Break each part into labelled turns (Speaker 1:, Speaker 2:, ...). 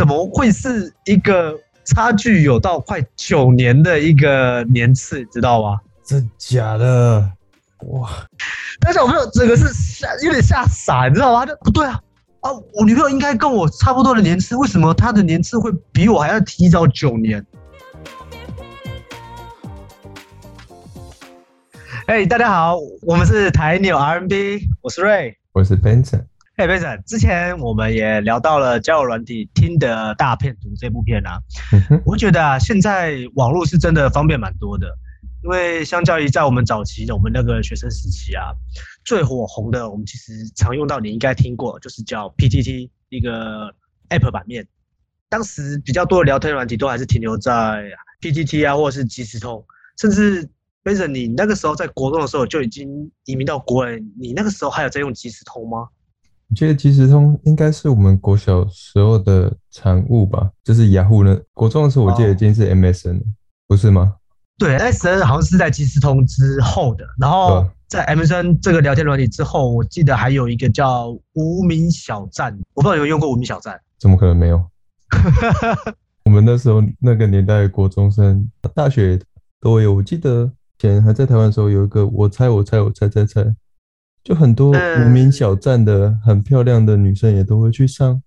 Speaker 1: 怎麼會是一個差距有到快九年的一個年次，知道嗎？真假的？哇！但是我朋友整個是嚇，有點嚇傻，你知道嗎？他就不對啊！啊、喔，我女朋友應該跟我差不多的年次，為什麼她的年次會比我還要提早九年？哎、Hey，大家好，我們是台紐 R&B，我是 Ray，
Speaker 2: 我是 Benson
Speaker 1: 哎，飛仔，之前我們也聊到了交友軟體，聽的大片圖這部片啊。嗯、哼我覺得啊，現在網絡是真的方便蠻多的，因為相較於在我們早期的我們那個學生時期啊，最火紅的我們其實常用到你應該聽過，就是叫 PTT 一個 App 版面。當時比較多的聊天軟體都還是停留在 PTT 啊，或是即時通。S、one, 甚至飛仔，Benson, 你那個時候在國中的時候就已經移民到國外，你那個時候還有在用即時通嗎？
Speaker 2: 我覺得即時通應該是我們國小時候的產物吧，就是雅虎、ah、呢。國中的時候我記得已經是 MSN，、oh. 不是嗎？
Speaker 1: 對，MSN 好像是在即時通之後的。然後在 MSN 這個聊天軟件之後，啊、我記得還有一個叫無名小站，我不知道有沒有用過無名小站？
Speaker 2: 怎麼可能沒有？ 我們那時候那個年代，國中生、大學都有。我記得以前還在台灣的時候，有一個我猜我猜我猜猜猜。猜猜就很多無名小站的很漂亮的女生也都會去上，嗯、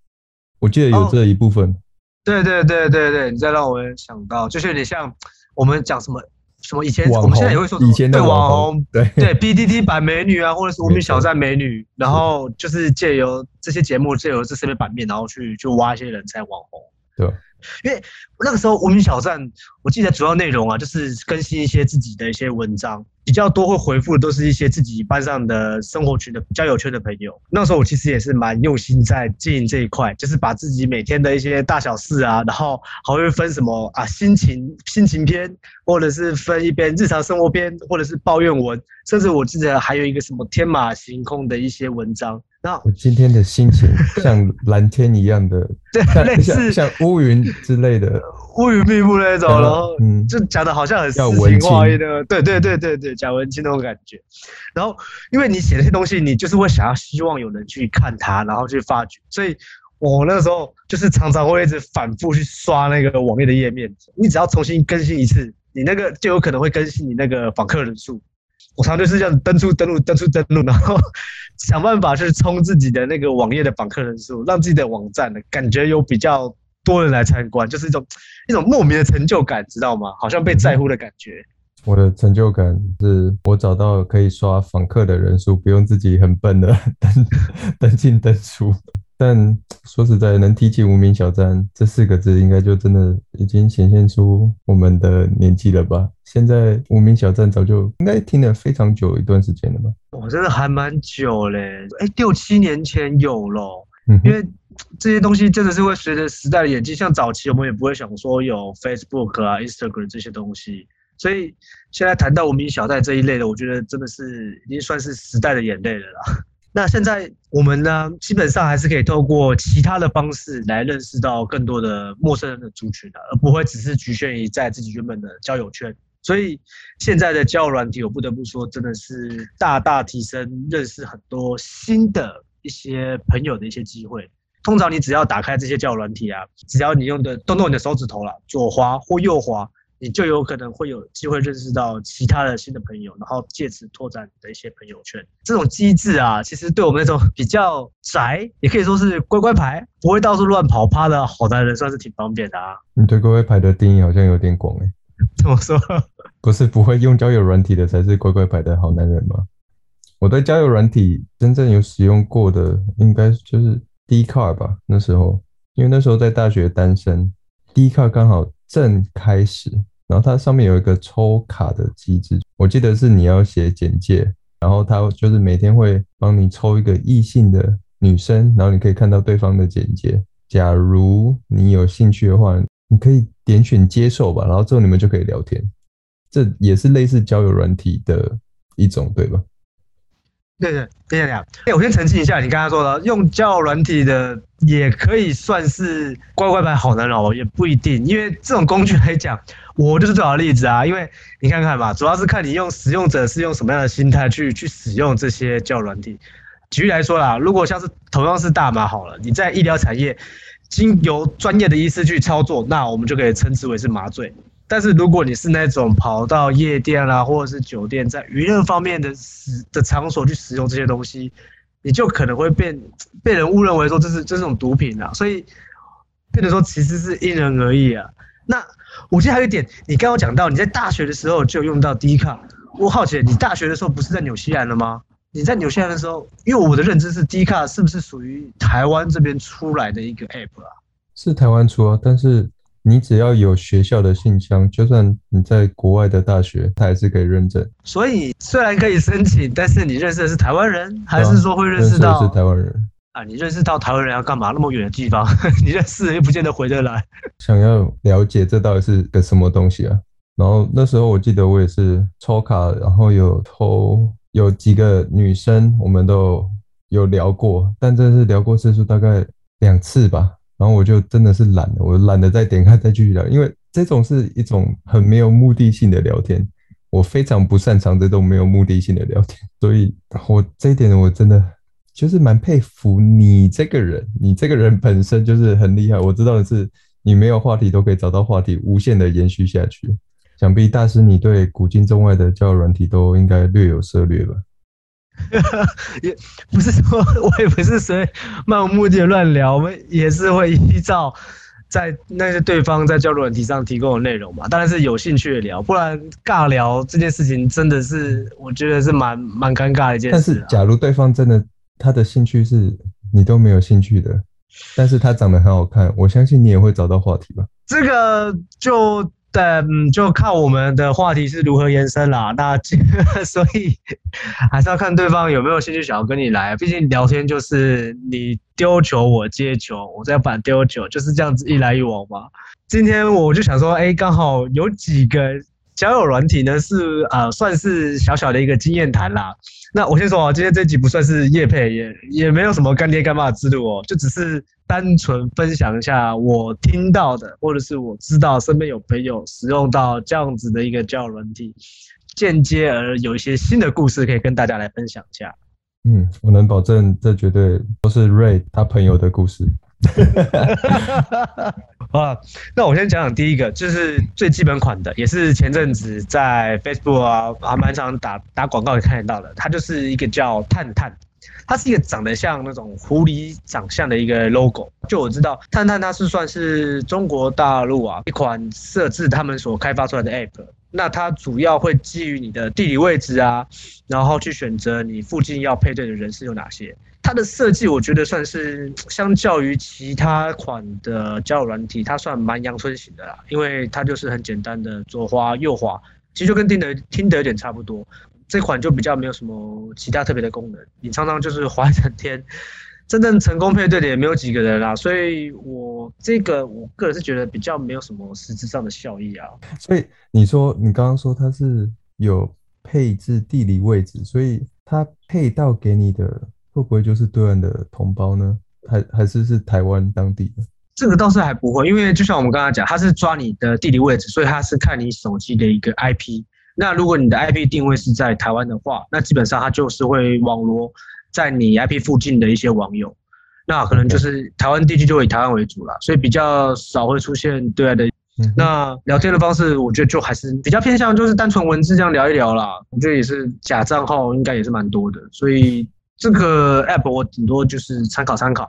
Speaker 2: 我記得有這一部分。對、哦、對
Speaker 1: 對對對，你在讓我想到，就是有點像我們講什麼什麼以前，網紅，我們現在也會說以前的網紅，對網紅，對對 BDD 版美女啊，或者是無名小站美女，沒錯，然後就是借由這些節目，借由這些邊版面，然後去去挖一些人才網紅。對，因為那個時候無名小站，我記得主要內容啊，就是更新一些自己的一些文章。比較多會回覆的都是一些自己班上的生活群的交友圈的朋友。那時候我其實也是蠻用心在經營這一塊，就是把自己每天的一些大小事啊，然後還會分什麼啊心情心情篇，或者是分一篇日常生活篇，或者是抱怨文，甚至我記得還有一個什麼天馬行空的一些文章。
Speaker 2: 那我今天的心情像藍天一樣的， 對，像類似像烏雲之類的。
Speaker 1: 烏雲密布的那種，然後就講的好像很詩情畫意的，對對對對對，假文青那種感覺。然後，因為你寫那些東西，你就是會想要希望有人去看它，然後去發掘。所以我那時候就是常常會一直反復去刷那個網頁的頁面。你只要重新更新一次，你那個就有可能會更新你那個訪客人數。我常常就是這樣登出登錄登出登錄，然後想辦法去衝自己的那個網頁的訪客人數，讓自己的網站感覺有比較。多人來參觀，就是一種一種莫名的成就感，知道嗎？好像被在乎的感覺。嗯、
Speaker 2: 我的成就感是，我找到可以刷訪客的人數，不用自己很笨的登登進登出。但說實在，能提起“無名小站”這四個字，應該就真的已經顯現出我們的年紀了吧？現在“無名小站”早就應該停了非常久一段時間了吧？
Speaker 1: 我、哦、真的還蠻久嘞，哎、欸，六七年前有了，嗯、哼因為。這些東西真的是會隨着時代的演進，像早期我們也不會想說有 Facebook 啊、Instagram 這些東西，所以現在談到我們小貸這一類的，我覺得真的是已經算是時代的眼淚了啦。那現在我們呢，基本上還是可以透過其他的方式來認識到更多的陌生人的族群的啊，而不會只是局限於在自己原本的交友圈。所以現在的交友軟體，我不得不說，真的是大大提升認識很多新的一些朋友的一些機會。通常你只要打開這些交友軟體啊，只要你用的動動你的手指頭啦，左滑或右滑，你就有可能會有機會認識到其他的新的朋友，然後借此拓展你的一些朋友圈。這種機制啊，其實對我們那種比較宅，也可以說是乖乖牌，不會到處亂跑趴的好男人，算是挺方便的啊。
Speaker 2: 你對乖乖牌的定義好像有點廣哎、
Speaker 1: 欸，怎 這麼說 ？
Speaker 2: 不是不會用交友軟體的才是乖乖牌的好男人嗎？我對交友軟體真正有使用過的，應該就是。Dcard 吧，那時候因為那時候在大學單身，Dcard 剛好正開始，然後它上面有一個抽卡的機制，我記得是你要寫簡介，然後它就是每天會幫你抽一個異性的女生，然後你可以看到對方的簡介，假如你有興趣的話，你可以點選接受吧，然後之後你們就可以聊天，這也是類似交友軟體的一種，對吧？
Speaker 1: 對對，等一下等一下，哎、欸，我先澄清一下，你剛才說的用交友軟體的，也可以算是乖乖牌好男人哦？也不一定，因為這種工具來講，我就是最好的例子啊。因為你看看吧，主要是看你用使用者是用什麼樣的心態去去使用這些交友軟體。舉例來說啦，如果像是同樣是大麻好了，你在醫療產業經由專業的醫師去操作，那我們就可以稱之為是麻醉。但是如果你是那種跑到夜店啦、啊，或者是酒店，在娛樂方面的使的場所去使用這些東西，你就可能會被被人誤認為說，這是這是種毒品啊，所以變得說其實是因人而異啊。那我記得還有一點，你剛剛講到你在大學的時候就用到 D 卡，Car, 我好奇你大學的時候不是在紐西蘭了嗎？你在紐西蘭的時候，因為我的認知是 D 卡是不是屬於台灣這邊出來的一個 App 啊？
Speaker 2: 是台灣出啊，但是。你只要有學校的信箱，就算你在國外的大學，它還是可以認證。
Speaker 1: 所以雖然可以申請，但是你認識的是台灣人，還是說會認識到、啊、認識的是台灣人？啊，你認識到台灣人要幹嘛？那麼遠的地方， 你認識又不見得回得來。
Speaker 2: 想要了解這到底是個什麼東西啊？然後那時候我記得我也是抽卡，然後有投，有幾個女生，我們都有聊過，但這是聊過次數大概兩次吧。然後我就真的是懶，我懶得再點開再繼續聊，因為這種是一種很沒有目的性的聊天，我非常不擅長這種沒有目的性的聊天，所以我這一點我真的就是蠻佩服你這個人，你這個人本身就是很厲害。我知道的是，你沒有話題都可以找到話題，無限的延續下去。想必大師，你對古今中外的交友軟體都應該略有涉獵吧？
Speaker 1: 也不是說，我也不是誰漫無目的亂聊，我們也是會依照在那些對方在交流問題上提供的內容嘛，當然是有興趣的聊，不然尬聊這件事情真的是我覺得是蠻蠻尷尬的一件事啊。但是
Speaker 2: 假如對方真的他的興趣是你都沒有興趣的，但是他長得很好看，我相信你也會找到話題吧。
Speaker 1: 這個就。對，嗯，就看我們的話題是如何延伸啦。那 所以還是要看對方有沒有興趣想要跟你來。畢竟聊天就是你丟球我接球，我再把它丟球，就是這樣子一來一往嘛。今天我就想說，哎，剛好有幾個。交友軟體呢，是啊、呃，算是小小的一個經驗談啦。那我先說啊，今天這集不算是業配，也也沒有什麼乾爹乾媽的制度哦、喔，就只是單純分享一下我聽到的，或者是我知道身邊有朋友使用到這樣子的一個交友軟體，間接而有一些新的故事可以跟大家來分享一下。嗯，
Speaker 2: 我能保證這絕對都是 Ray 他朋友的故事。
Speaker 1: 哈哈哈哈哈啊，那我先講講第一個，就是最基本款的，也是前陣子在 Facebook 啊、還蠻常打打廣告也看得到的，它就是一個叫探探，它是一個長得像那種狐狸長相的一個 logo。就我知道，探探它是算是中國大陸啊一款設置他們所開發出來的 app，那它主要會基於你的地理位置啊，然後去選擇你附近要配對的人是有哪些。它的設計，我覺得算是相較於其他款的交友軟體，它算蠻陽春型的啦，因為它就是很簡單的左滑右滑，其實就跟聽得聽得有點差不多。這款就比較沒有什麼其他特別的功能，你常常就是滑一整天，真正成功配對的也沒有幾個人啦，所以我這個我個人是覺得比較沒有什麼實質上的效益啊。
Speaker 2: 所以你說你剛剛說它是有配置地理位置，所以它配到給你的。會不會就是對岸的同胞呢？還還是是台灣當地的？
Speaker 1: 這個倒是還不會，因為就像我們剛才講，他是抓你的地理位置，所以他是看你手機的一個 IP。那如果你的 IP 定位是在台灣的話，那基本上他就是會網羅在你 IP 附近的一些網友。那可能就是台灣地區就以台灣為主了，Okay. 所以比較少會出現對岸的。嗯、哼那聊天的方式，我覺得就還是比較偏向就是單純文字這樣聊一聊啦。我覺得也是假賬號，應該也是蠻多的，所以。這個 app 我頂多就是參考參考。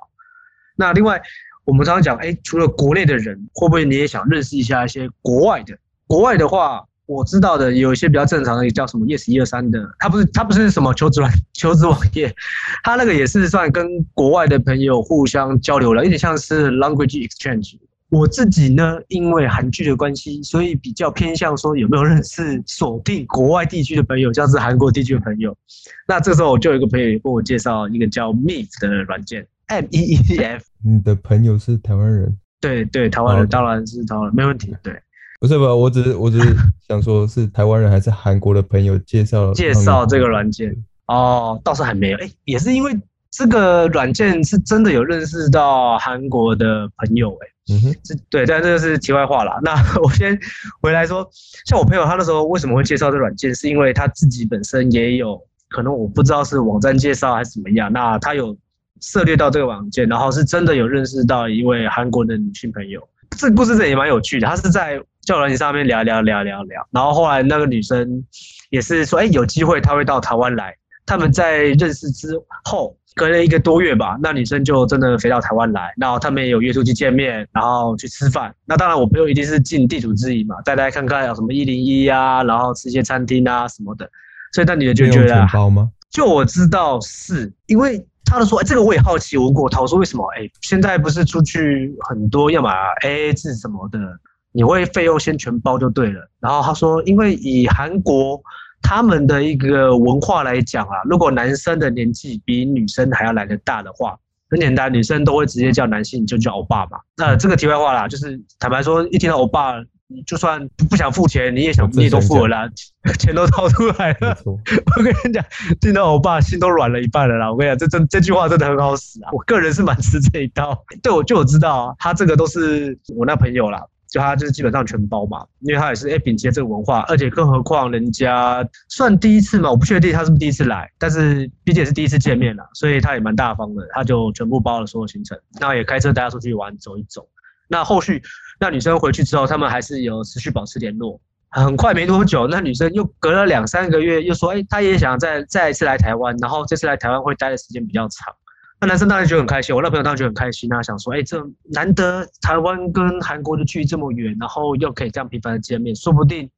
Speaker 1: 那另外，我們常常講，哎，除了國內的人，會不會你也想認識一下一些國外的？國外的話，我知道的有一些比較正常的，也叫什麼 Yes 一二三的，它不是它不是什麼求職網求職網頁，它那個也是算跟國外的朋友互相交流了，有點像是 language exchange。我自己呢，因為韓劇的關係，所以比較偏向說有沒有認識鎖定國外地區的朋友，像是韓國地區的朋友。那這時候我就有一個朋友也跟我介紹一個叫 Meet 的軟件，M E E F。
Speaker 2: 你的朋友是台灣人？
Speaker 1: 對對，台灣人，當然是台
Speaker 2: 灣人，哦，沒問題。對，不是吧？我只是我只是想說，是台灣人還是韓國的朋友介紹介紹這
Speaker 1: 個軟件？哦，倒是還沒有，哎、欸，也是因為。這個軟件是真的有認識到韓國的朋友哎、欸嗯哼，這對，但這個是題外話了。那我先回來說，像我朋友他那時候為什麼會介紹這軟件，是因為他自己本身也有可能我不知道是網站介紹還是怎麼樣。那他有涉獵到這個軟件，然後是真的有認識到一位韓國的女性朋友。這故事這也蠻有趣的，他是在交友軟件上面聊聊聊聊聊，然後後來那個女生也是說，哎、欸，有機會他會到台灣來。他們在認識之後。隔了一個多月吧，那女生就真的飛到台灣來，然後他們也有約出去見面，然後去吃飯。那當然，我朋友一定是盡地主之誼嘛，帶大家看看有什麼一零一啊，然後吃些餐廳啊什麼的。所以那女的就覺得，嗎就我知道是因為她就說，哎，這個我也好奇。我問過她我說為什麼？哎，現在不是出去很多，要麼 AA 制什麼的，你會費用先全包就對了。然後她說，因為以韓國。他們的一個文化來講啊，如果男生的年紀比女生還要來得大的話，很簡單，女生都會直接叫男性就叫歐巴嘛。那這個題外話啦，就是坦白說，一聽到歐巴，你就算不想付錢，你也想你也都付了啦，錢都掏出來了。沒錯。我跟你講，聽到歐巴心都軟了一半了啦。我跟你講，這這這句話真的很好使啊。我個人是蠻吃這一套。對我就我知道啊，他這個都是我那朋友啦。就他就是基本上全包嘛，因為他也是欸秉持著這個文化，而且更何況人家算第一次嘛，我不確定他是不是第一次來，但是畢竟是第一次見面啦，所以他也蠻大方的，他就全部包了所有行程，那也開車帶他出去玩走一走。那後續那女生回去之後，他們還是有持續保持聯絡，很快沒多久，那女生又隔了兩三個月又說，哎、欸，他也想再再一次來台灣，然後這次來台灣會待的時間比較長。那男生當然就很開心，我那朋友當然就很開心，他想說，哎、欸，這難得台灣跟韓國的距離這麼遠，然後又可以這樣頻繁的見面，說不定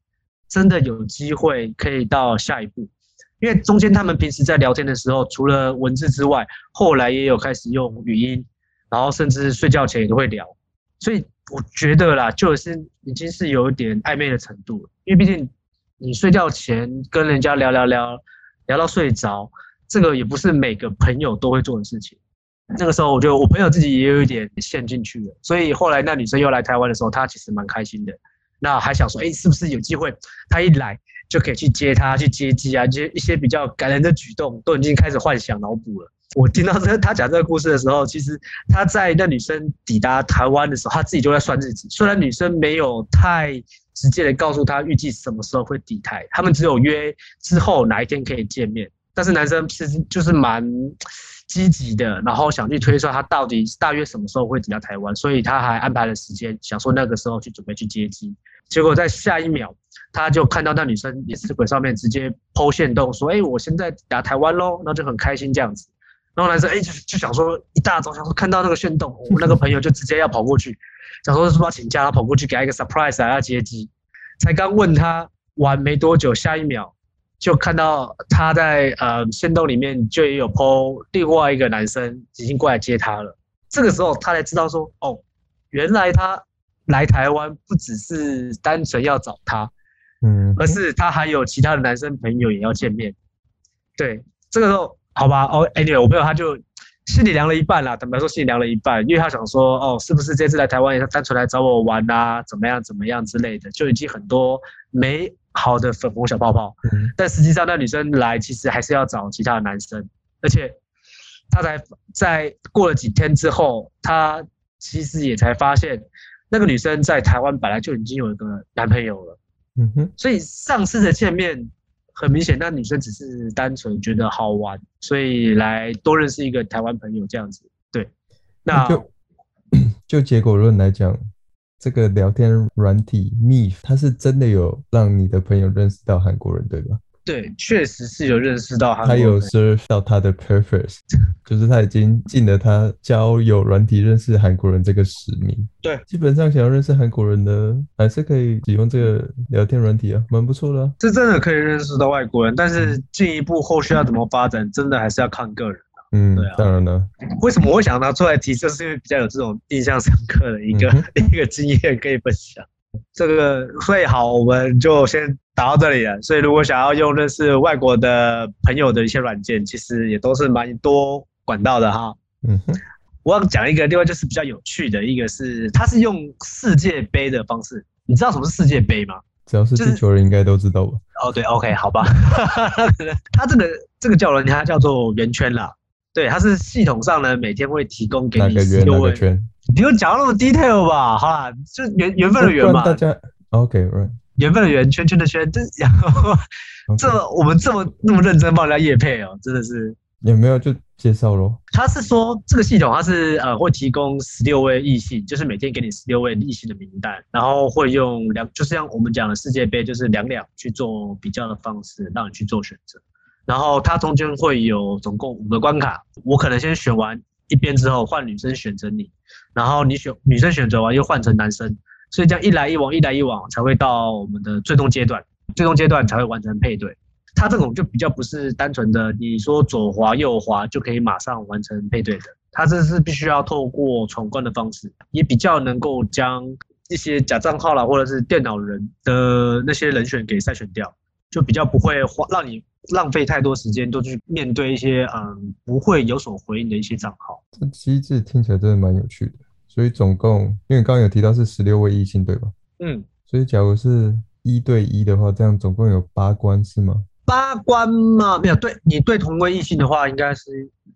Speaker 1: 真的有機會可以到下一步。因為中間他們平時在聊天的時候，除了文字之外，後來也有開始用語音，然後甚至睡覺前也都會聊，所以我覺得啦，就是已經是有一點曖昧的程度，因為畢竟你睡覺前跟人家聊聊聊聊到睡着。這個也不是每個朋友都會做的事情。那個時候，我覺得我朋友自己也有一點陷進去了。所以後來那女生又來台灣的時候，她其實蠻開心的。那還想說，哎，是不是有機會？她一來就可以去接她，去接機啊，這些一些比較感人的舉動，都已經開始幻想腦補了。我聽到這他講這個故事的時候，其實她在那女生抵達台灣的時候，她自己就在算日子。雖然女生沒有太直接的告訴她預計什麼時候會抵台，他們只有約之後哪一天可以見面。但是男生其實就是蠻積極的，然後想去推算他到底大約什麼時候會抵達台灣，所以他還安排了時間，想說那個時候去準備去接機。結果在下一秒，他就看到那女生也是鬼上面直接 po 限動，說：“哎、欸，我現在抵達台灣嘍！”那就很開心這樣子。然後男生哎、欸，就是就想說一大早上想說看到那個限動，我那個朋友就直接要跑過去， 想說是不是要請假，他跑過去給他一個 surprise，給、啊、要接機。才剛問他完沒多久，下一秒。就看到他在呃，限動裡面，就也有 po 另外一個男生，已經過來接他了。這個時候，他才知道說，哦，原來他來台灣不只是單純要找他，嗯，而是他還有其他的男生朋友也要見面。對，這個時候，好吧，哦，Anyway，我朋友他就心裡涼了一半啦，坦白說，心裡涼了一半，因為他想說，哦，是不是這次來台灣也是單純來找我玩啊？怎麼樣，怎麼樣之類的，就已經很多沒。好的，粉紅小泡泡。嗯哼，但實際上那女生來其實還是要找其他的男生，而且她才在過了幾天之後，她其實也才發現那個女生在台灣本來就已經有一個男朋友了。嗯
Speaker 2: 哼，
Speaker 1: 所以上次的見面，很明顯那女生只是單純覺得好玩，所以來多認識一個台灣朋友這樣子。對，那，那就，
Speaker 2: 就結果論來講。這個聊天軟體 MIF 它，是真的有讓你的朋友認識到韓國人，對吧？對，確實是有認識到韓國人。它有 serve 到它的 purpose， 就是它已經盡了它交友軟體認識韓國人這個使命。對，基本上想要認識韓國人的，還是可以使用這個聊天軟體啊，蠻不錯的，啊。這真的可以認識到外國人，
Speaker 1: 但是進一步後續要怎麼發展，嗯、真的還是要看個人。
Speaker 2: 嗯，對啊，當然了。
Speaker 1: 為什麼我會想到出來提，就是因為比較有這種印象深刻的一個、嗯、哼一個經驗可以分享。這個所以好，我們就先打到這裡了。所以如果想要用認識外國的朋友的一些軟件，其實也都是蠻多管道的哈。嗯哼，我要講一個，另外就是比較有趣的，一個是他是用世界杯的方式。你知道什麼是世界杯嗎？
Speaker 2: 只要是地球人應該都知道吧。就是、
Speaker 1: 哦對，OK，好吧。他 這個這個叫人家叫做圓圈啦。對，它是系統上呢，每天會提供給你十六位。不用、那個、講那麼 detail 吧，好啦，就緣緣分的緣嘛。大
Speaker 2: 家 OK 緣、
Speaker 1: right. 分的緣，圈圈的圈，這然後 Okay. 這我們這麼那麼認真幫人家業配哦、喔，真的是。
Speaker 2: 也沒有就介紹嘍。
Speaker 1: 他是說這個系統它，他是呃會提供十六位異性，就是每天給你十六位異性的名單，然後會用兩，就是、像我們講的世界杯，就是兩兩去做比較的方式，讓你去做選擇。然後它中間會有總共五個關卡，我可能先選完一邊之後，換女生選擇你，然後你選女生選擇完又換成男生，所以這樣一來一往，一來一往才會到我們的最終階段，最終階段才會完成配對。它這種就比較不是單純的你說左滑右滑就可以馬上完成配對的，它這是必須要透過闖關的方式，也比較能夠將一些假賬號啦或者是電腦人的那些人選給篩選掉，就比較不會讓讓你。浪費太多時間都去面對一些嗯、不會有所回應的一些賬號。
Speaker 2: 這機制聽起來真的蠻有趣的。所以總共，因為剛剛有提到是十六位異性對吧？嗯，所以假如是一對一的話，這樣總共有八關是嗎？八
Speaker 1: 關嘛？沒有，對你對同位異性的話應，應該是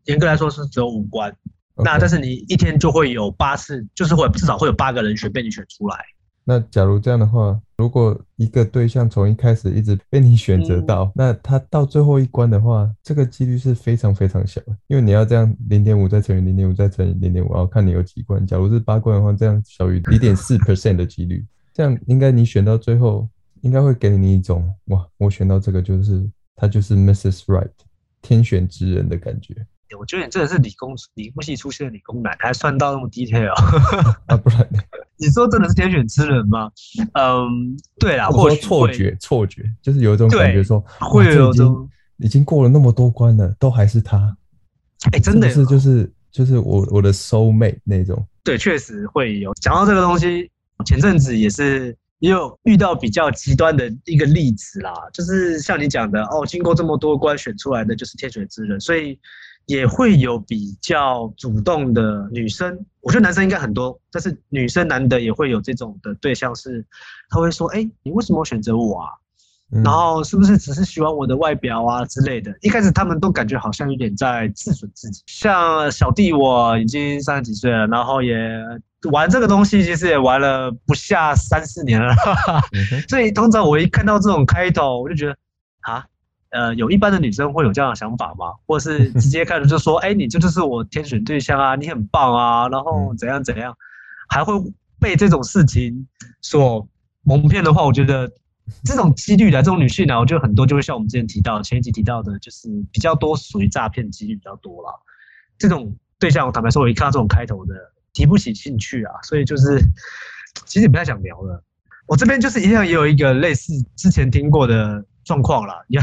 Speaker 1: 嚴格來說是只有五關。Okay. 那但是你一天就會有八次，就是會至少會有八個人選被你選出來。
Speaker 2: 那假如這樣的話，如果一個對象從一開始一直被你選擇到，嗯、那他到最後一關的話，這個幾率是非常非常小，因為你要這樣零點五再乘以零點五再乘以零點五，5, 然後看你有幾關。假如是八關的話，這樣小於0點四 percent 的幾率。 這樣應該你選到最後，應該會給你一種哇，我選到這個就是他就是 Mrs. Right 天選之人的感覺。
Speaker 1: 欸、我覺得你真的是理工理工系出身的理工男，還算到那麼 detail、喔、啊，不
Speaker 2: 然 你說真的是天選之人嗎？嗯，對啦，我說錯覺，錯覺，就是有一種感覺說，會有對、啊、已經有種已經過了那麼多關了，都還是他，哎、欸，真的是就是就是我、就是、我的 soul mate 那種。
Speaker 1: 對，確實會有。講到這個東西，前陣子也是也有遇到比較極端的一個例子啦，就是像你講的哦，經過這麼多關選出來的就是天選之人，所以。也會有比較主動的女生，我覺得男生應該很多，但是女生男的也會有這種的對象是，是他會說，哎、欸，你為什麼要選擇我啊？嗯、然後是不是只是喜歡我的外表啊之類的？一開始他們都感覺好像有點在自損自己，像小弟我已經三十幾歲了，然後也玩這個東西，其實也玩了不下三四年了，嗯、哼 所以通常我一看到這種開頭，我就覺得啊。呃，有一般的女生會有這樣的想法嗎？或是直接開頭就說：“哎、 欸，你這就，就是我天選對象啊，你很棒啊，然後怎樣怎樣，還會被這種事情所蒙騙的話，我覺得這種幾率的、啊、這種女性呢、啊，我覺得很多就會像我們之前提到前一集提到的，就是比較多屬於詐騙幾率比較多啦。這種對象，我坦白說，我一看到這種開頭的，提不起興趣啊，所以就是其實也不太想聊了。我這邊就是一樣也有一個類似之前聽過的狀況啦。一樣。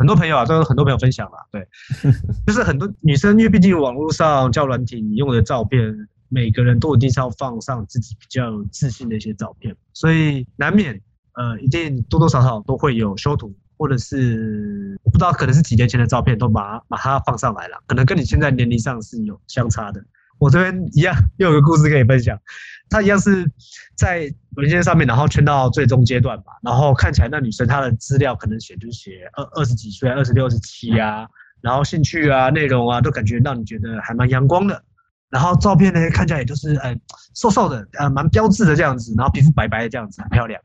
Speaker 1: 很多朋友啊，都有很多朋友分享啦，對， 就是很多女生，因為畢竟網絡上交友軟體用的照片，每個人都一定是要放上自己比較有自信的一些照片，所以難免呃，一定多多少少都會有修圖，或者是我不知道可能是幾年前的照片都，都把把它放上來了，可能跟你現在年齡上是有相差的。我這邊一樣，又有一個故事可以分享。她一樣是在文件上面，然後圈到最終階段吧。然後看起來那女生她的資料可能寫就寫二二十幾歲、啊，二十六、二十七呀。然後興趣啊、內容啊，都感覺讓你覺得還蠻陽光的。然後照片呢，看起來也就是嗯、呃、瘦瘦的，呃蠻標致的這樣子。然後皮膚白白的這樣子，很漂亮。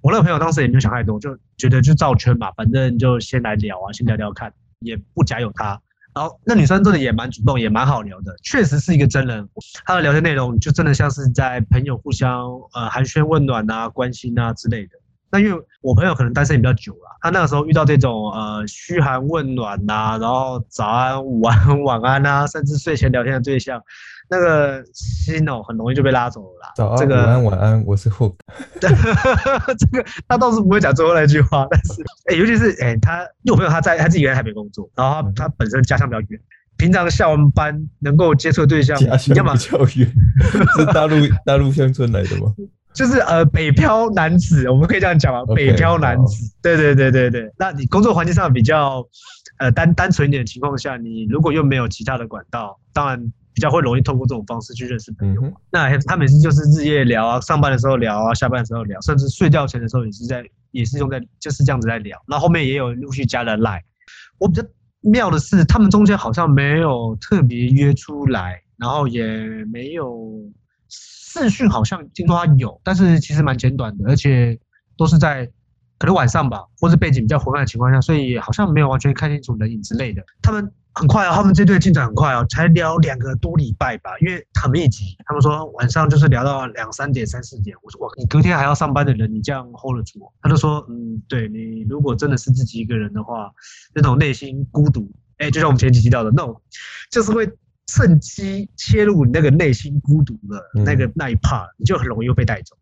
Speaker 1: 我那個朋友當時也沒有想太多，就覺得就照圈嘛，反正就先來聊啊，先聊聊看，嗯、也不假有他。好，那女生真的也蠻主動，也蠻好聊的，確實是一個真人。她的聊天內容就真的像是在朋友互相呃寒暄問暖啊、關心啊之類的。那因為我朋友可能單身也比較久了，她那個時候遇到這種呃噓寒問暖吶、啊，然後早安、午安、晚安啊，甚至睡前聊天的對象。那個洗哦，很容易就被拉走了啦。早安、
Speaker 2: 晚安，我是 Hook。
Speaker 1: 這個他倒是不會講最後那句話，但是哎 Okay.、欸，尤其是哎、欸，他又朋友他在，他自己在台北工作，然後他、嗯、他本身家鄉比較遠，平常下完班能夠接觸的
Speaker 2: 對象比較遠， 是大陸大陸鄉村來的嗎？
Speaker 1: 就是呃，北漂男子，我們可以這樣講啊，okay, 北漂男子。好對對對對對，那你工作環境上比較呃單單純一點的情況下，你如果又沒有其他的管道，當然。比較會容易通過這種方式去認識朋友啊，嗯哼，那他每次就是日夜聊啊，上班的時候聊啊，下班的時候聊，甚至睡覺前的時候也是在，也是用在，就是這樣子在聊。然後後面也有陸續加了 Line。我比較妙的是，他們中間好像沒有特別約出來，然後也沒有視訊，好像聽說他有，但是其實蠻簡短的，而且都是在可能晚上吧，或者背景比較昏暗的情況下，所以好像沒有完全看清楚人影之類的。他們。很快哦，他們這對進展很快哦，才聊兩個多禮拜吧，因為很密集。他們說晚上就是聊到兩三點、三四點。我說哇，你隔天還要上班的人，你這樣 hold 住。他就說嗯，對你如果真的是自己一個人的話，那種內心孤獨，哎、欸，就像我們前幾集聊的，No，就是會趁機切入你那個內心孤獨的那個、嗯、那一 part，你就很容易又被帶走。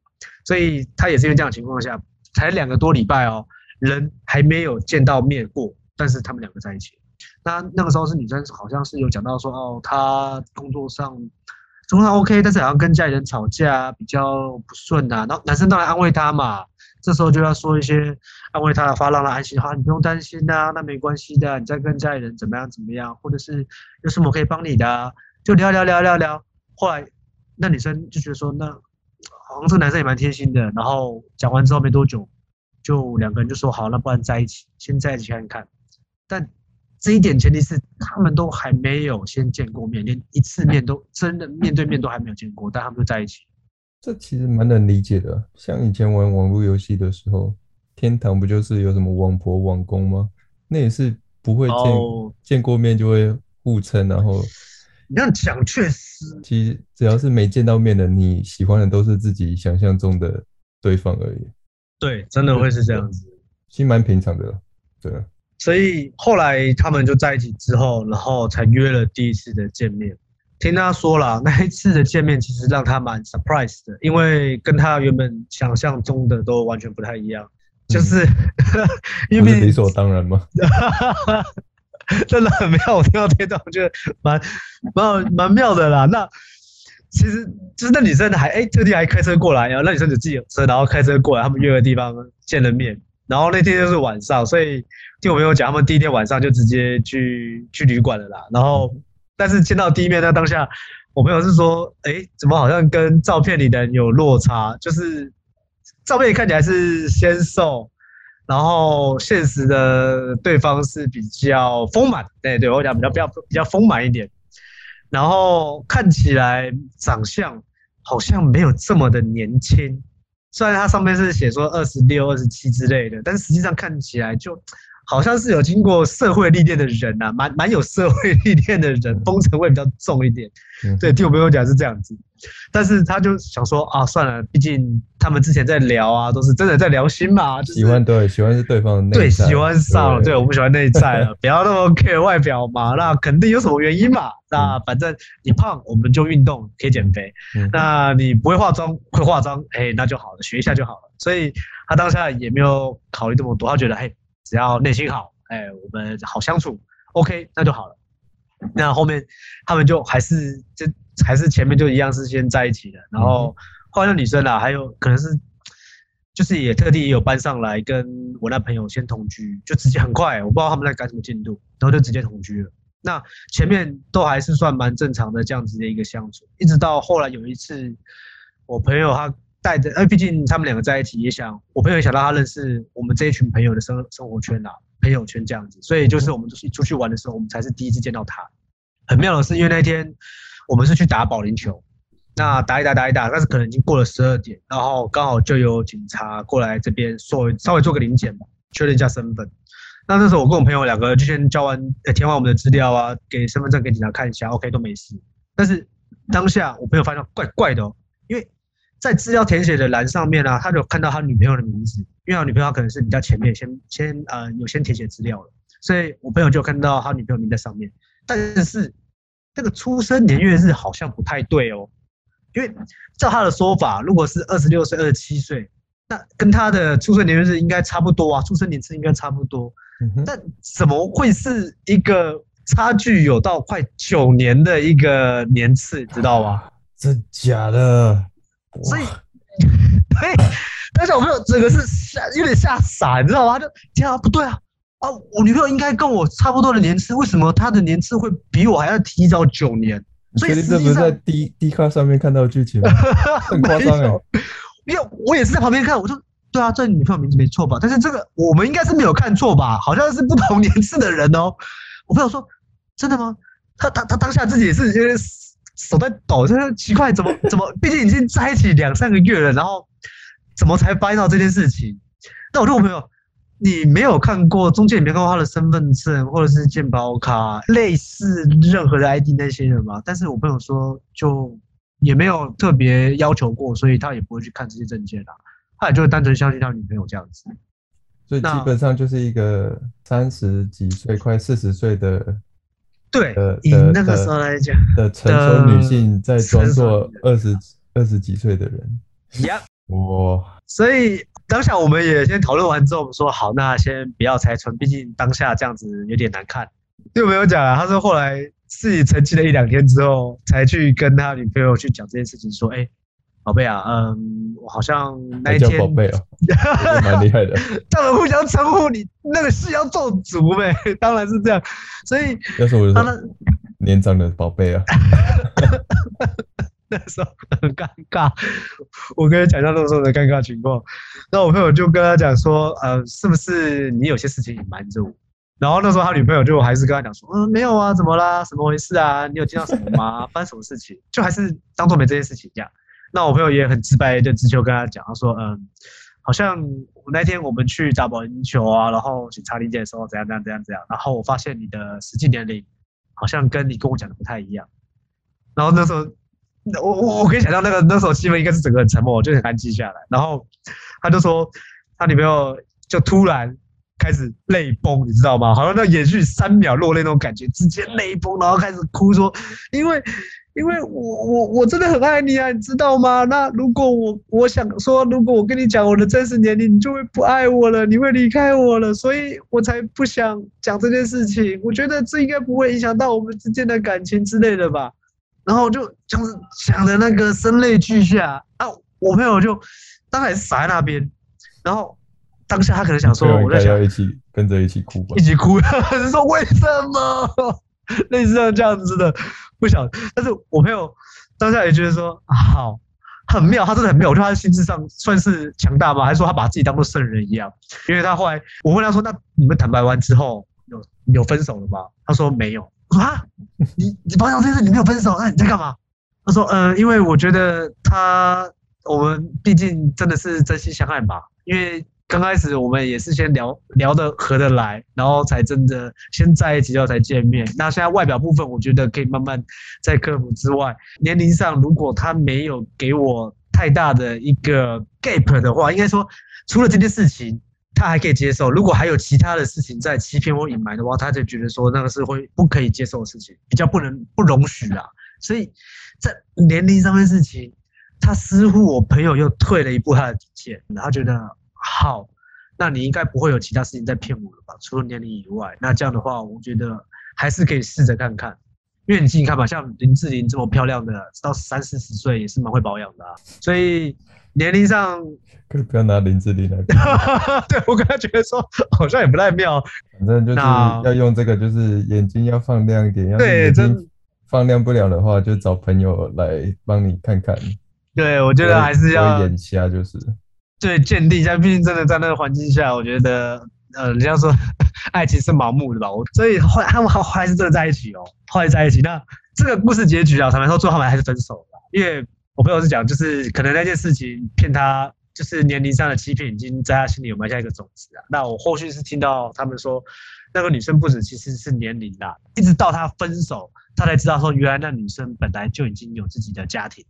Speaker 1: 所以他也是因為這樣的情況下，才兩個多禮拜哦，人還沒有見到面過，但是他們兩個在一起。那那個時候是女生好像是有講到說哦，她工作上，工作上 OK，但是好像跟家裡人吵架比較不順吶、啊。然後男生當然安慰她嘛，這時候就要說一些安慰她的、發浪的、的話，讓她安心，說你不用擔心吶、啊，那沒關係的，你再跟家裡人怎麼樣怎麼樣，或者是有什麼可以幫你的、啊，就聊聊聊聊聊。後來那女生就覺得說，那好像這個男生也蠻貼心的。然後講完之後沒多久，就兩個人就說好，那不然在一起，先在一起看看。但這一點前提是他們都還沒有先見過面，連一次面都真的面對面都還沒有見過，但他們就在一起。
Speaker 2: 這其實蠻能理解的，像以前玩網絡遊戲的時候，天堂不就是有什麼網婆網公嗎？那也是不會見、哦、見過面就會互稱，然後你這樣講確實。其實只要是沒見到面的，你喜歡的都是自己想象中的對方而已。對，真的會是這樣子，其實蠻平常的，對。所以
Speaker 1: 後來他們就在一起之後，然後才約了第一次的見面。聽他說了，那一次的見面其實讓他蠻 surprise 的，因為跟他原本想象中的都完全不太一樣。就
Speaker 2: 是因為理所當然嘛？
Speaker 1: 哈哈哈真的很妙，我聽到這段覺得蠻蠻蠻妙的啦。那其實就是那女生還哎、特、欸這個、地還開車過來、啊，然後那女生就自己有車，然後開車過來，他們約了地方見了面，然後那天就是晚上，所以。聽我朋友講，他們第一天晚上就直接去去旅館了啦。然後，但是見到第一面那當下，我朋友是說：“哎、欸，怎麼好像跟照片裡的有落差？就是照片裡看起來是纖瘦，然後現實的對方是比較豐滿，對，對，我講比較比較比較豐滿一點。然後看起來長相好像沒有這麼的年輕，雖然它上面是寫說二十六、二十七之類的，但實際上看起來就……好像是有經過社會歷練的人吶、啊，蠻蠻有社會歷練的人，風塵會比較重一點。嗯、對，聽我朋友講是這樣子。但是他就想說啊，算了，畢竟他們之前在聊啊，都是真的在聊心嘛。就是、
Speaker 2: 喜歡對，喜歡是對方的內在，喜歡上了。對，對對我不喜
Speaker 1: 歡內在、啊，了。 不要那麼 care 外表嘛。那肯定有什麼原因嘛。那反正你胖，我們就運動可以減肥。嗯、那你不會化妝，會化妝，哎、欸，那就好了，學一下就好了。嗯、所以他當下也沒有考慮這麼多，他覺得，哎。只要內心好，哎、欸，我們好相處，OK，那就好了。那後面他們就還是就還是前面就一樣是先在一起的，然後後來那女生啊還有可能是就是也特地也有搬上來跟我那朋友先同居，就直接很快、欸，我不知道他們在趕什麼進度，然後就直接同居了。那前面都還是算蠻正常的這樣子的一個相處，一直到後來有一次我朋友他。帶着，呃，畢竟他們兩個在一起，也想我朋友也想讓他認識我們這一群朋友的生生活圈啊，朋友圈這樣子，所以就是我們出去出去玩的時候，我們才是第一次見到他。很妙的是，因為那天我們是去打保齡球，那打一打打一打，但是可能已經過了十二點，然後剛好就有警察過來這邊做稍微做個臨檢嘛，確認一下身份。那那時候我跟我朋友兩個就先交完，呃，填完我們的資料啊，給身份證給警察看一下，OK 都沒事。但是當下我朋友發現怪怪的，哦，因為。在資料填寫的欄上面、啊、他就有看到他女朋友的名字，因為他女朋友他可能是比較前面先先呃有先填寫資料了，所以我朋友就看到他女朋友名在上面，但是那個出生年月日好像不太對哦，因為照他的說法，如果是二十六歲二十七歲，那跟他的出生年月日應該差不多啊，出生年次應該差不多，嗯、哼但怎麼會是一個差距有到快九年的一個年次，知道嗎？
Speaker 2: 真假的？哇 所以，
Speaker 1: 嘿、欸，但是我朋友整個是嚇，有點嚇傻，你知道嗎？他就，天啊，不對啊，啊，我女朋友應該跟我差不多的年次，為什麼她的年次會比我還要提早九年？所以,所以你是不是在
Speaker 2: Dcard 上面看到劇情哈、啊， 很誇張哦。
Speaker 1: 因為我也是在旁邊看，我就，對啊，這女朋友名字沒錯吧？但是這個我們應該是沒有看錯吧？好像是不同年次的人哦。我朋友說，真的嗎？他當他,他當下自己也是有點。手在抖，真的奇怪，怎麼怎麼？畢竟已經在一起兩三個月了，然後怎麼才發現到這件事情？那我就問朋友，你沒有看過，中介，你沒看過他的身份證或者是健保卡，類似任何的 ID 那些人嗎？但是我朋友說就也沒有特別要求過，所以他也不會去看這些證件啦、啊，他也就單純相信他女朋友這樣子。
Speaker 2: 所以基本上就是一個三十幾歲、快四十歲的。對，的以那個時候來講，的，的成熟女性在裝作二十、呃、二十幾歲的人一樣，哇！Yeah.
Speaker 1: oh. 所以當下我們也先討論完之後，我們說好，那先不要拆穿，畢竟當下這樣子有點難看。又沒有講，啊，他說後來自己沉寂了一兩天之後，才去跟他女朋友去講這件事情，說，哎，欸。寶貝啊，嗯，我好像那一天叫
Speaker 2: 寶貝哦，蠻厲 害
Speaker 1: 的，當然互相稱呼你，你那個事要做足唄。
Speaker 2: 當然是這樣，所以要是我是他、啊、年長的寶貝啊， 那時候很尷尬，我跟你講一下那時候的尷尬情況。
Speaker 1: 那我朋友就跟他講說，呃，是不是你有些事情隱瞞着我？然後那時候他女朋友就還是跟他講說，嗯，沒有啊，怎麼啦？什麼回事啊？你有見到什麼嗎？發生什麼事情？就還是當做沒這件事情一樣。那我朋友也很直白、直白就直接跟他講，他說，嗯，好像那天我們去打保齡球啊，然後警察臨檢的時候怎樣怎樣怎樣怎樣，然後我發現你的實際年齡好像跟你跟我講的不太一樣，然後那時候，我我我可以想象那個那時候氣氛應該是整個很沉默，我就很安靜下來，然後他就說他女朋友就突然開始淚崩，你知道嗎？好像那延續三秒落淚那種感覺，直接淚崩，然後開始哭說，因為。因為我我我真的很愛你啊，你知道嗎？那如果我我想說，如果我跟你講我的真實年齡，你就會不愛我了，你會離開我了，所以我才不想講這件事情。我覺得這應該不會影響到我們之間的感情之類的吧。然後就想着想着那個聲淚俱下啊，我朋友就當時傻在那邊，然後當下他可能想說，我想，我、嗯、一
Speaker 2: 起跟着一,一起哭，一起
Speaker 1: 哭，還是說為什麼？類似像這樣子的。不想，但是我朋友當下也覺得說、啊、好，很妙，他真的很妙。就他心智上算是強大嗎？還是說他把自己當做聖人一樣？因為他後來我問他說：“那你們坦白完之後有有分手了嗎？”他說沒有。我說啊，你你朋友真你沒有分手，那你在幹嘛？他說：“嗯、呃，因為我覺得他我們畢竟真的是真心相愛吧，因為。”剛開始我們也是先聊聊得合得來，然後才真的先在一起了才見面。那現在外表部分，我覺得可以慢慢再克服之外。年齡上，如果他沒有給我太大的一個 gap 的話，應該說除了這件事情，他還可以接受。如果還有其他的事情在欺騙或隱瞞的話，他就覺得說那個是會不可以接受的事情，比較不能不容許啊。所以在年齡上面的事情，他似乎我朋友又退了一步他的底線，然後覺得。好，那你應該不會有其他事情在騙我了吧？除了年齡以外，那這樣的話，我覺得還是可以試着看看，因為你自己看吧，像林志玲這麼漂亮的，到三四十歲也是蠻會保養的，啊，所以年齡上可以不要拿
Speaker 2: 林志玲來。
Speaker 1: 對，我剛剛覺得說
Speaker 2: 好像也不太妙，反正就是要用這個，就是眼睛要放亮一點。那對，真放亮不了的話，就找朋友來幫你看看。
Speaker 1: 對，我覺得還是要眼
Speaker 2: 瞎就是。
Speaker 1: 對，鑑定一下，畢竟真的在那個環境下，我覺得，呃，人家說愛情是盲目的吧？我所以，他們好還是真的在一起哦，後來在一起。那這個故事結局啊，坦白說，最後他們還是分手了，因為我朋友是講，就是可能那件事情騙他，就是年齡上的欺騙，已經在他心裡有埋下一個種子了。那我後續是聽到他們說，那個女生不止其實是年齡啦，一直到他分手，他才知道說，原來那女生本來就已經有自己的家庭，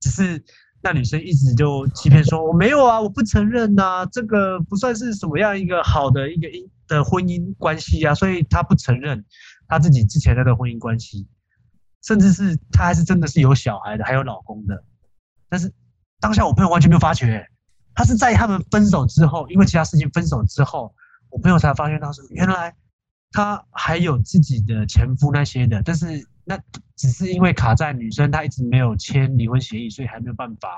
Speaker 1: 只是。那女生一直就欺騙說，我沒有啊，我不承認吶、啊，這個不算是什麼樣一個好的一個的婚姻關係啊，所以她不承認她自己之前那段婚姻關係，甚至是她還是真的是有小孩的，還有老公的。但是當下我朋友完全沒有發覺、欸，他是在他們分手之後，因為其他事情分手之後，我朋友才發現他說，原來他還有自己的前夫那些的，但是那。只是因為卡在女生，她一直沒有簽離婚協議，所以還沒有辦法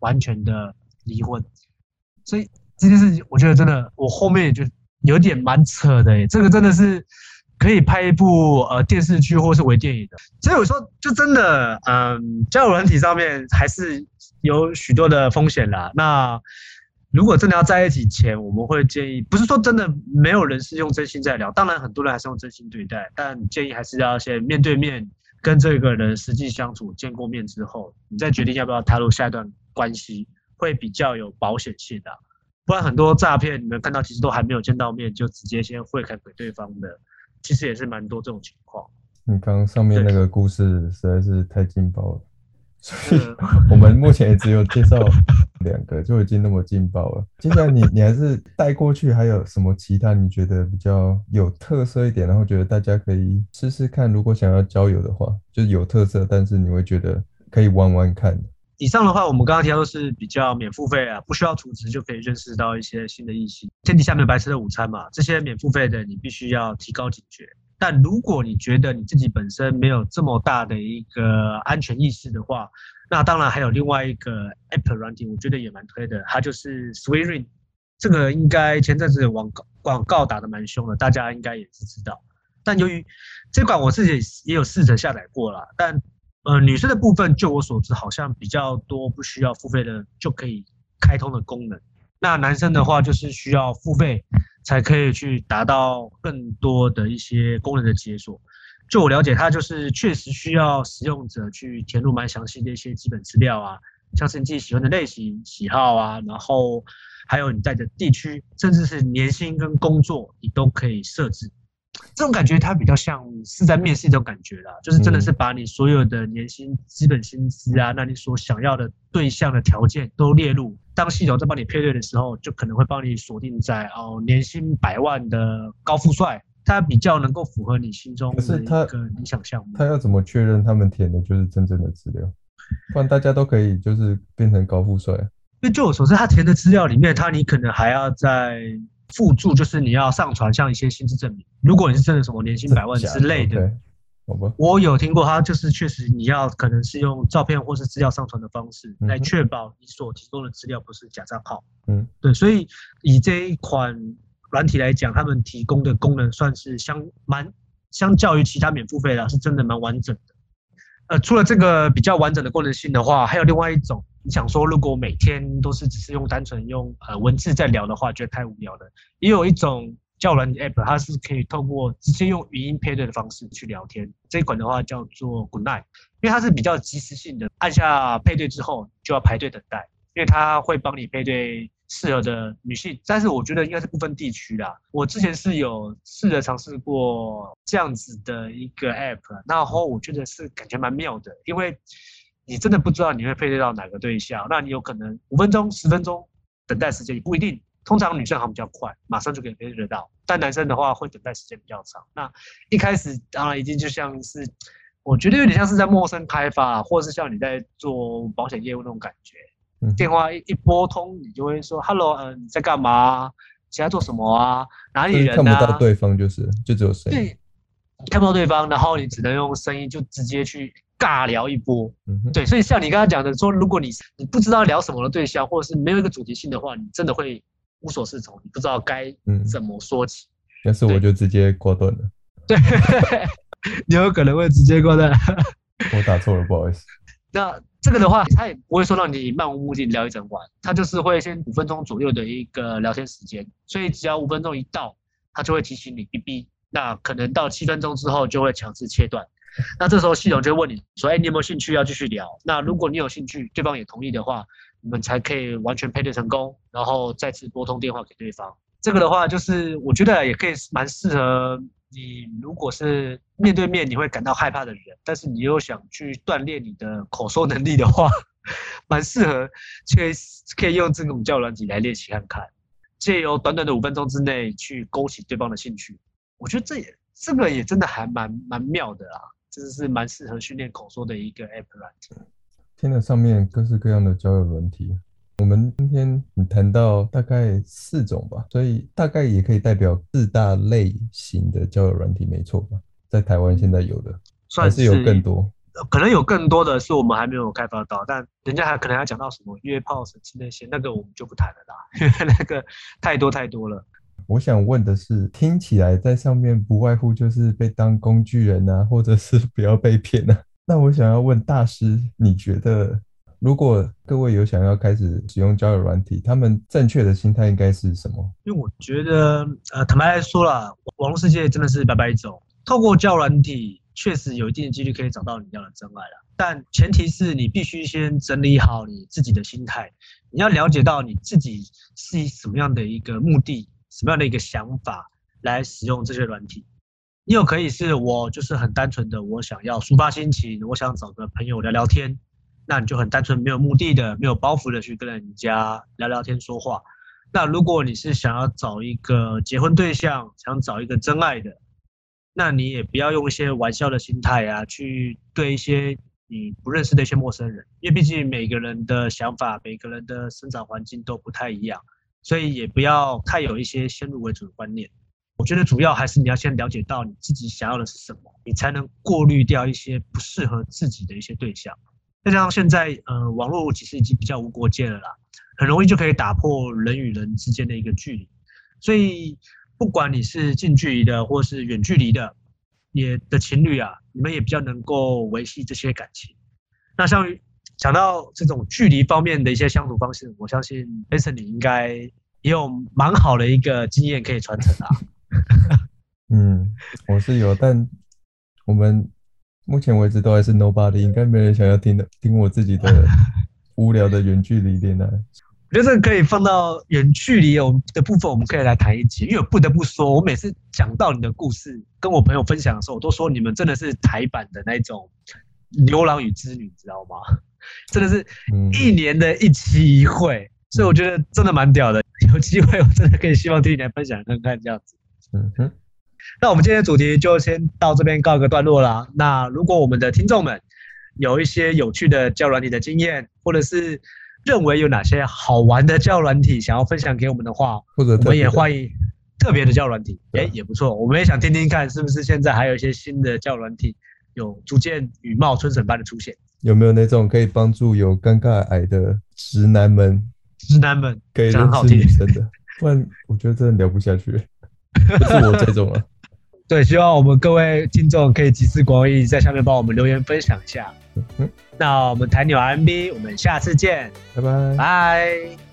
Speaker 1: 完全的離婚。所以這件事情，我覺得真的，我後面就有點蠻扯的、欸。這個真的是可以拍一部呃電視劇或是微電影的。所以我說，就真的，嗯，交友軟體上面還是有許多的風險啦。那如果真的要在一起前，我們會建議，不是說真的沒有人是用真心在聊，當然很多人還是用真心對待，但建議還是要先面對面。跟這個人實際相處，見過面之後，你再決定要不要踏入下一段關係，會比較有保險性的啊。不然很多詐騙，你們看到其實都還沒有見到面，就直接先匯款給對方的，其實也是蠻多這種情況。
Speaker 2: 你剛剛上面那個故事實在是太勁爆了。是所以，我們目前也只有介紹兩個，就已經那麼勁爆了。接下來你，你你還是帶過去，還有什麼其他你覺得比較有特色一點，然後覺得大家可以試試看，如果想要交友的話，就是有特色，但是你會覺得可以玩玩看。
Speaker 1: 以上的話，我們剛剛提到的是比較免付費啊，不需要儲值就可以認識到一些新的異性。天底下沒有白吃的午餐嘛，這些免付費的，你必須要提高警覺。但如果你覺得你自己本身沒有這麼大的一個安全意識的話，那當然還有另外一個 Apple 軟體，我覺得也蠻推的，它就是 SweetRing。這個應該前陣子網廣廣告打得蠻兇的，大家應該也是知道。但由於這款我自己也，也有試着下載過了，但呃女生的部分，就我所知，好像比較多不需要付費的就可以開通的功能。那男生的話就是需要付費，才可以去達到更多的一些功能的解鎖。就我了解，它就是確實需要使用者去填入蠻詳細的一些基本資料啊，像是你自己喜歡的類型、喜好啊，然後還有你在的地區，甚至是年薪跟工作，你都可以設置。這種感覺，它比較像是在面試一種感覺啦，就是真的是把你所有的年薪、基本薪資啊，嗯、那你所想要的對象的條件都列入，當系統在幫你配對的時候，就可能會幫你鎖定在哦年薪百萬的高富帥，他比較能夠符合你心中的一個可是他，你想象，
Speaker 2: 他要怎麼確認他們填的就是真正的資料？不然大家都可以就是變成高富帥。
Speaker 1: 那據我所知，他填的資料裡面，他你可能還要再附註，就是你要上傳像一些薪資證明。如果你是真的什麼年薪百萬之類的，的 Okay. 我有聽過，它就是確實你要可能是用照片或是資料上傳的方式來確保你所提供的資料不是假賬號。嗯，對，所以以這一款軟體來講，他們提供的功能算是相蠻，相較於其他免付費的，是真的蠻完整的。呃，除了這個比較完整的功能性的話，還有另外一種，你想說如果每天都是只是用單純用呃文字在聊的話，覺得太無聊了，也有一種。叫人 app，它是可以透過直接用語音配對的方式去聊天。這一款的話叫做 Goodnight，因為它是比較即時性的，按下配對之後就要排隊等待，因為它會幫你配對適合的女性。但是我覺得應該是不分地區的，我之前是有試着嘗試過這樣子的一個 app，然後我覺得是感覺蠻妙的，因為你真的不知道你會配對到哪個對象，那你有可能五分鐘、十分鐘等待時間也不一定。通常女生還比較快，馬上就可以聯繫得到，但男生的話會等待時間比較長。那一開始當然已經就像是，我覺得有點像是在陌生開發，或者是像你在做保險業務那種感覺。嗯、電話一一撥通，你就會說、嗯、“Hello，、呃、你在幹嘛、啊？現在做什麼啊？哪裡人呢、啊？”看不到對
Speaker 2: 方就是，就只有
Speaker 1: 聲音對看不到對方，然後你只能用聲音就直接去尬聊一波。嗯、哼對，所以像你剛剛講的說，如果你你不知道聊什麼的對象，或者是沒有一個主題性的話，你真的會。無所適從，你不知道該怎麼說起，嗯，
Speaker 2: 但是我就直接掛斷了。對 你有可能會直接掛斷。 我打錯了，不好意思。
Speaker 1: 那這個的話，他也不會說讓你漫無目的聊一整晚，他就是會先五分鐘左右的一個聊天時間，所以只要五分鐘一到，他就會提醒你嗶嗶。那可能到七分鐘之後就會強制切斷。那這時候系統就會問你說，欸，你有沒有興趣要繼續聊？那如果你有興趣，對方也同意的話。我們才可以完全配對成功，然後再次撥通電話給對方。這個的話，就是我覺得也可以蠻適合你，如果是面對面你會感到害怕的人，但是你又想去鍛鍊你的口說能力的話，蠻適合，可以可以用這種交友軟體來練習看看，借由短短的五分鐘之內去勾起對方的興趣，我覺得這也這個也真的還蠻蠻妙的啊，這就是蠻適合訓練口說的一個 app 軟
Speaker 2: 聽了上面各式各樣的交友軟體，我們今天談到大概四種吧，所以大概也可以代表四大類型的交友軟體，沒錯吧？在台灣現在有的算是，還是有更多，
Speaker 1: 可能有更多的是我們還沒有開發到，但人家還可能還要講到什麼約炮神器那些，那個我們就不談了啦，因為那個太多太多了。
Speaker 2: 我想問的是，聽起來在上面不外乎就是被當工具人啊，或者是不要被騙啊。那我想要問大師，你覺得如果各位有想要開始使用交友軟體，他們正確的心態應該是什麼？
Speaker 1: 因為我覺得，呃，坦白來說啦，網絡世界真的是百百種。透過交友軟體，確實有一定的幾率可以找到你要的真愛啦，但前提是你必須先整理好你自己的心態，你要了解到你自己是以什麼樣的一個目的、什麼樣的一個想法來使用這些軟體。你又可以是我，就是很單純的，我想要抒發心情，我想找個朋友聊聊天，那你就很單純、沒有目的的、沒有包袱的去跟人家聊聊天說話。那如果你是想要找一個結婚對象，想找一個真愛的，那你也不要用一些玩笑的心態啊，去對一些你不認識的一些陌生人，因為畢竟每個人的想法、每個人的生長環境都不太一樣，所以也不要太有一些先入為主的觀念。我覺得主要還是你要先了解到你自己想要的是什麼，你才能過濾掉一些不適合自己的一些對象。再加上現在，呃，網絡其實已經比較無國界了啦，很容易就可以打破人與人之間的一個距離。所以，不管你是近距離的或是遠距離的，也的情侶啊，你們也比較能夠維繫這些感情。那像講到這種距離方面的一些相處方式，我相信 Eason 你應該也有蠻好的一個經驗可以傳承的、啊
Speaker 2: 嗯，我是有，但我們目前為止都還是 nobody，應該沒人想要聽的聽我自己的無聊的遠距離電台、啊。
Speaker 1: 我覺得這個可以放到遠距離有的部分，我們可以來談一期，因為我不得不說，我每次講到你的故事，跟我朋友分享的時候，我都說你們真的是台版的那種牛郎與織女，你知道嗎？真的是一年的一期一會，嗯、所以我覺得真的蠻屌的。有機會我真的可以希望聽你來分享看看這樣子。嗯哼，那我們今天的主題就先到這邊告一個段落了。那如果我們的聽眾們有一些有趣的交軟體的經驗，或者是認為有哪些好玩的交軟體想要分享給我們的話，
Speaker 2: 或者我們也歡迎
Speaker 1: 特別的交軟體。哎、啊，也不錯，我們也想聽聽看，是不是現在還有一些新的交軟體有逐漸雨後春筍般的出現？
Speaker 2: 有沒有那種可以幫助有尷尬癌的直男們？直男們，給直女生的， 不然我覺得真的聊不下去。 不是我這種啊， 對，希望
Speaker 1: 我們各位聽眾可以集思廣益，在下面幫我們留言分享一下。嗯、哼那我們台紐 RNB，我們下次見，拜拜，拜。